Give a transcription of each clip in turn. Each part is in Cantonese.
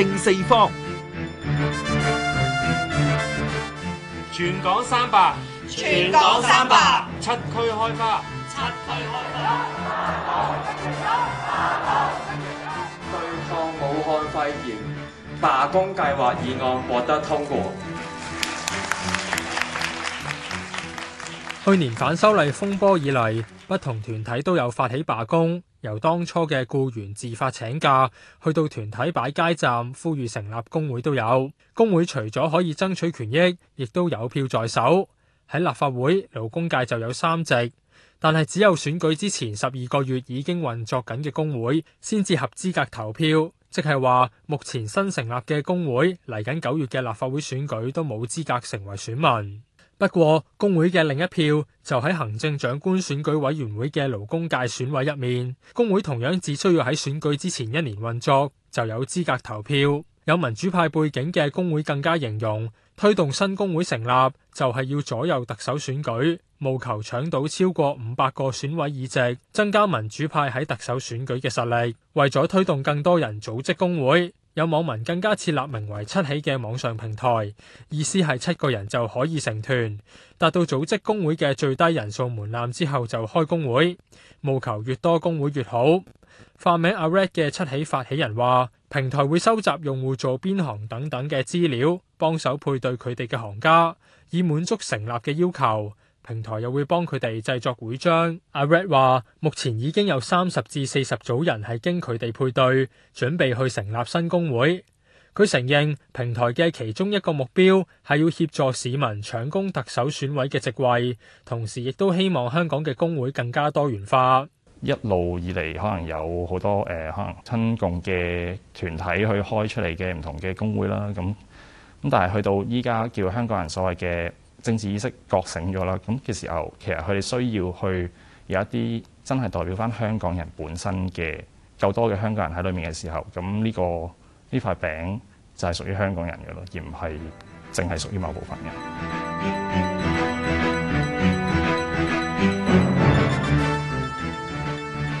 正四方，全港三罷，全港三罷七七，七區開花，七區開花，大對抗武漢肺炎罷工計劃議案獲得通過。去年反修例風波以來，不同團體都有發起罷工，由當初嘅僱員自發請假，去到團體擺街站，呼籲成立工會都有。工會除咗可以爭取權益，亦都有票在手。喺立法會，勞工界就有三席，但係只有選舉之前十二個月已經運作緊嘅工會先至合資格投票，即係話目前新成立嘅工會嚟緊九月嘅立法會選舉都冇資格成為選民。不過，工會嘅另一票就喺行政長官選舉委員會嘅勞工界選委入面，工會同樣只需要喺選舉之前一年運作就有資格投票。有民主派背景嘅工會更加形容，推動新工會成立就係要左右特首選舉，務求搶到超過五百個選委議席，增加民主派喺特首選舉嘅實力，為咗推動更多人組織工會。有網民更加設立名為「七喜」嘅網上平台，意思係七個人就可以成團，達到組織工會嘅最低人數門檻之後就開工會，務求越多工會越好。化名阿 Red 嘅「七喜」發起人話，平台會收集用戶做邊行等等嘅資料，幫手配對佢哋嘅行家，以滿足成立嘅要求。平台又會幫佢哋製作會章。阿 Red 話，目前已經有三十至四十組人係經佢哋配對，準備去成立新工會。佢承認平台嘅其中一個目標係要協助市民搶攻特首選委嘅席位，同時亦都希望香港嘅工會更加多元化。一路以嚟，可能有好多誒，可能親共嘅團體去開出嚟嘅唔同嘅工會啦。咁咁，但係去到依家叫香港人所謂嘅。政治意識覺醒咗啦，咁嘅時候，其實佢哋需要去有一啲真係代表翻香港人本身嘅夠多嘅香港人喺裏面嘅時候，咁呢個呢塊餅就係屬於香港人嘅咯，而唔係淨係屬於某部分人。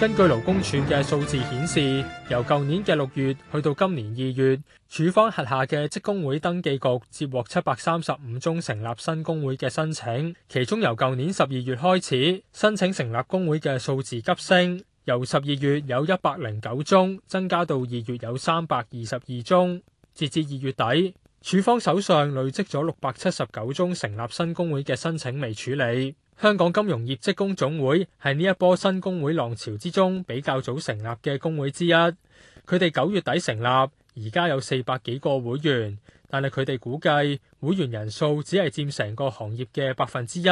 根據勞工處嘅數字顯示，由舊年嘅六月去到今年二月，處方轄下嘅職工會登記局接獲七百三十五宗成立新工會嘅申請，其中由舊年十二月開始，申請成立工會嘅數字急升，由十二月有一百零九宗，增加到二月有三百二十二宗。截至二月底，處方手上累積咗六百七十九宗成立新工會嘅申請未處理。香港金融業職工總會係呢一波新工會浪潮之中比較早成立嘅工會之一，佢哋九月底成立，而家有四百幾個會員，但係佢哋估計會員人數只係佔成個行業嘅百分之一。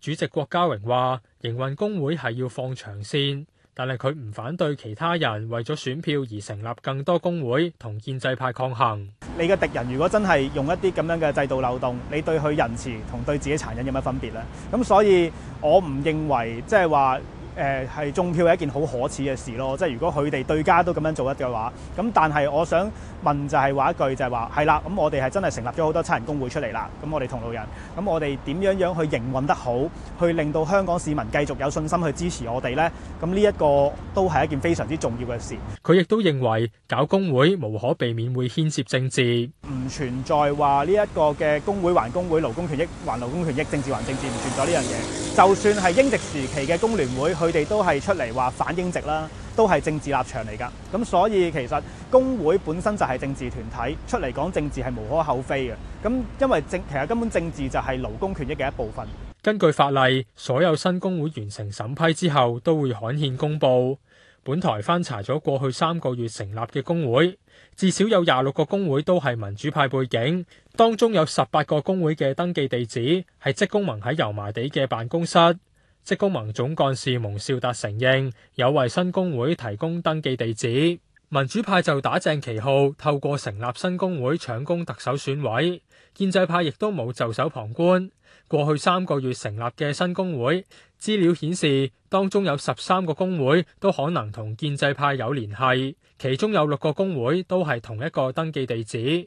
主席郭家榮話，營運工會係要放長線，但係佢唔反對其他人為咗選票而成立更多工會同建制派抗衡。你嘅敵人如果真係用一啲咁樣嘅制度漏洞，你對佢仁慈同對自己殘忍有乜分別呢？咁所以我唔認為，即係話。誒係、呃、中票係一件好可恥嘅事咯，即係如果佢哋對家都咁樣做一嘅話，咁但係我想問就係話一句就係話係啦，咁我哋係真係成立咗好多差人工會出嚟啦，咁我哋同路人，咁我哋點樣樣去營運得好，去令到香港市民繼續有信心去支持我哋呢？咁呢一個都係一件非常之重要嘅事。佢亦都認為搞工會無可避免會牽涉政治，唔存在話呢一個嘅工會還工會，勞工權益還勞工權益，政治還政治，唔存在呢樣嘢。就算係英殖時期嘅工聯會。佢哋都係出嚟話反英殖啦，都係政治立場嚟㗎。咁所以其實工會本身就係政治團體，出嚟講政治係無可厚非嘅。咁因為政其實根本政治就係勞工權益嘅一部分。根據法例，所有新工會完成審批之後，都會刊憲公佈。本台翻查咗過去三個月成立嘅工會，至少有廿六個工會都係民主派背景，當中有十八個工會嘅登記地址係職工盟喺油麻地嘅辦公室。職工盟總幹事蒙兆達承認有為新工會提供登記地址，民主派就打正旗號，透過成立新工會搶攻特首選委，建制派亦都冇袖手旁觀。過去三個月成立嘅新工會，資料顯示當中有十三個工會都可能同建制派有聯繫，其中有六個工會都係同一個登記地址。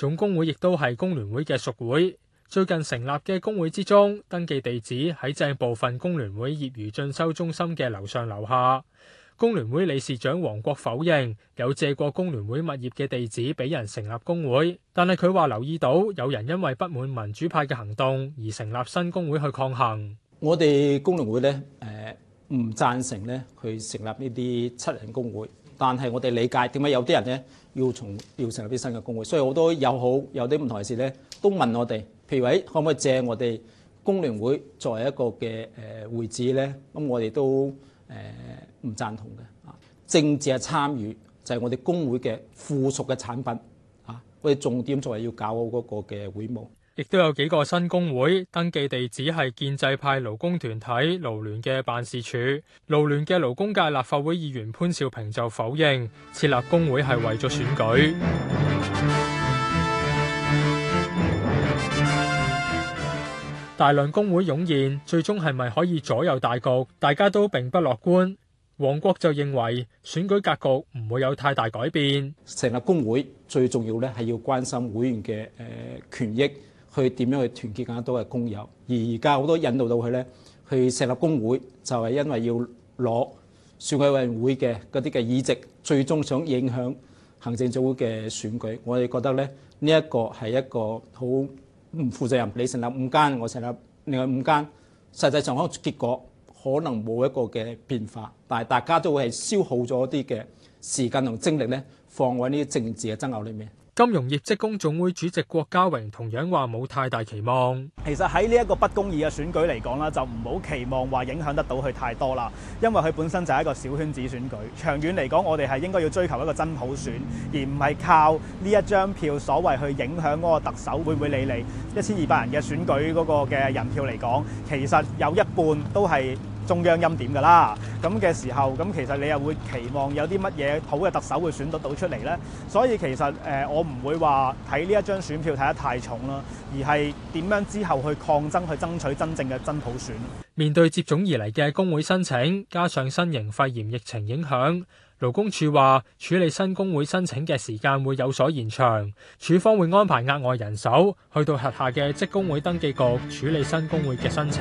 總工會亦都係工聯會嘅屬會，最近成立嘅工會之中，登記地址喺正部分工聯會業餘進修中心嘅樓上樓下。工聯會理事長黃國否認有借過工聯會物業嘅地址俾人成立工會，但係佢話留意到有人因為不滿民主派嘅行動而成立新工會去抗衡。我哋工聯會呢，誒、呃、唔贊成呢去成立呢啲七人工會。但係我哋理解點解有啲人咧要從要成立啲新嘅工會，所以好多友好有啲唔同嘅事咧都問我哋，譬如話可唔可以借我哋工聯會作為一個嘅誒會址咧？咁、嗯、我哋都誒唔贊同嘅。啊，政治嘅參與就係、是、我哋工會嘅附屬嘅產品。啊，我哋重點作為要搞好嗰個嘅會務。亦都有幾個新工會登記地址係建制派勞工團體勞聯嘅辦事處。勞聯嘅勞工界立法會議員潘兆平就否認設立工會係為咗選舉。 大量工會湧現，最終係咪可以左右大局？大家都並不樂觀。黃國就認為選舉格局唔會有太大改變。成立工會最重要咧係要關心會員嘅誒權益。去點樣去團結更加多嘅工友？而而家好多引導到佢咧，去成立工會就係因為要攞選舉委員會嘅嗰啲嘅議席，最終想影響行政組會嘅選舉，我哋覺得咧，呢一個係一個好唔負責任。你成立五間，我成立另外五間，實際上個結果可能冇一個嘅變化，但係大家都會係消耗咗啲嘅時間同精力咧，放喺呢啲政治嘅爭拗裏面。金融業職工總會主席郭家榮同樣話冇太大期望。其實喺呢一個不公義嘅選舉嚟講啦，就唔好期望話影響得到佢太多啦，因為佢本身就係一個小圈子選舉。長遠嚟講，我哋係應該要追求一個真普選，而唔係靠呢一張票所謂去影響嗰個特首會唔會理你一千二百人嘅選舉嗰個嘅人票嚟講，其實有一半都係，中央欽點㗎啦，咁嘅時候，咁其實你又會期望有啲乜嘢好嘅特首會選得到出嚟呢？所以其實誒、呃，我唔會話睇呢一張選票睇得太重啦，而係點樣之後去抗爭去爭取真正嘅真普選。面對接踵而嚟嘅工會申請，加上新型肺炎疫情影響，勞工處話處理新工會申請嘅時間會有所延長，處方會安排額外人手去到轄下嘅職工會登記局處理新工會嘅申請。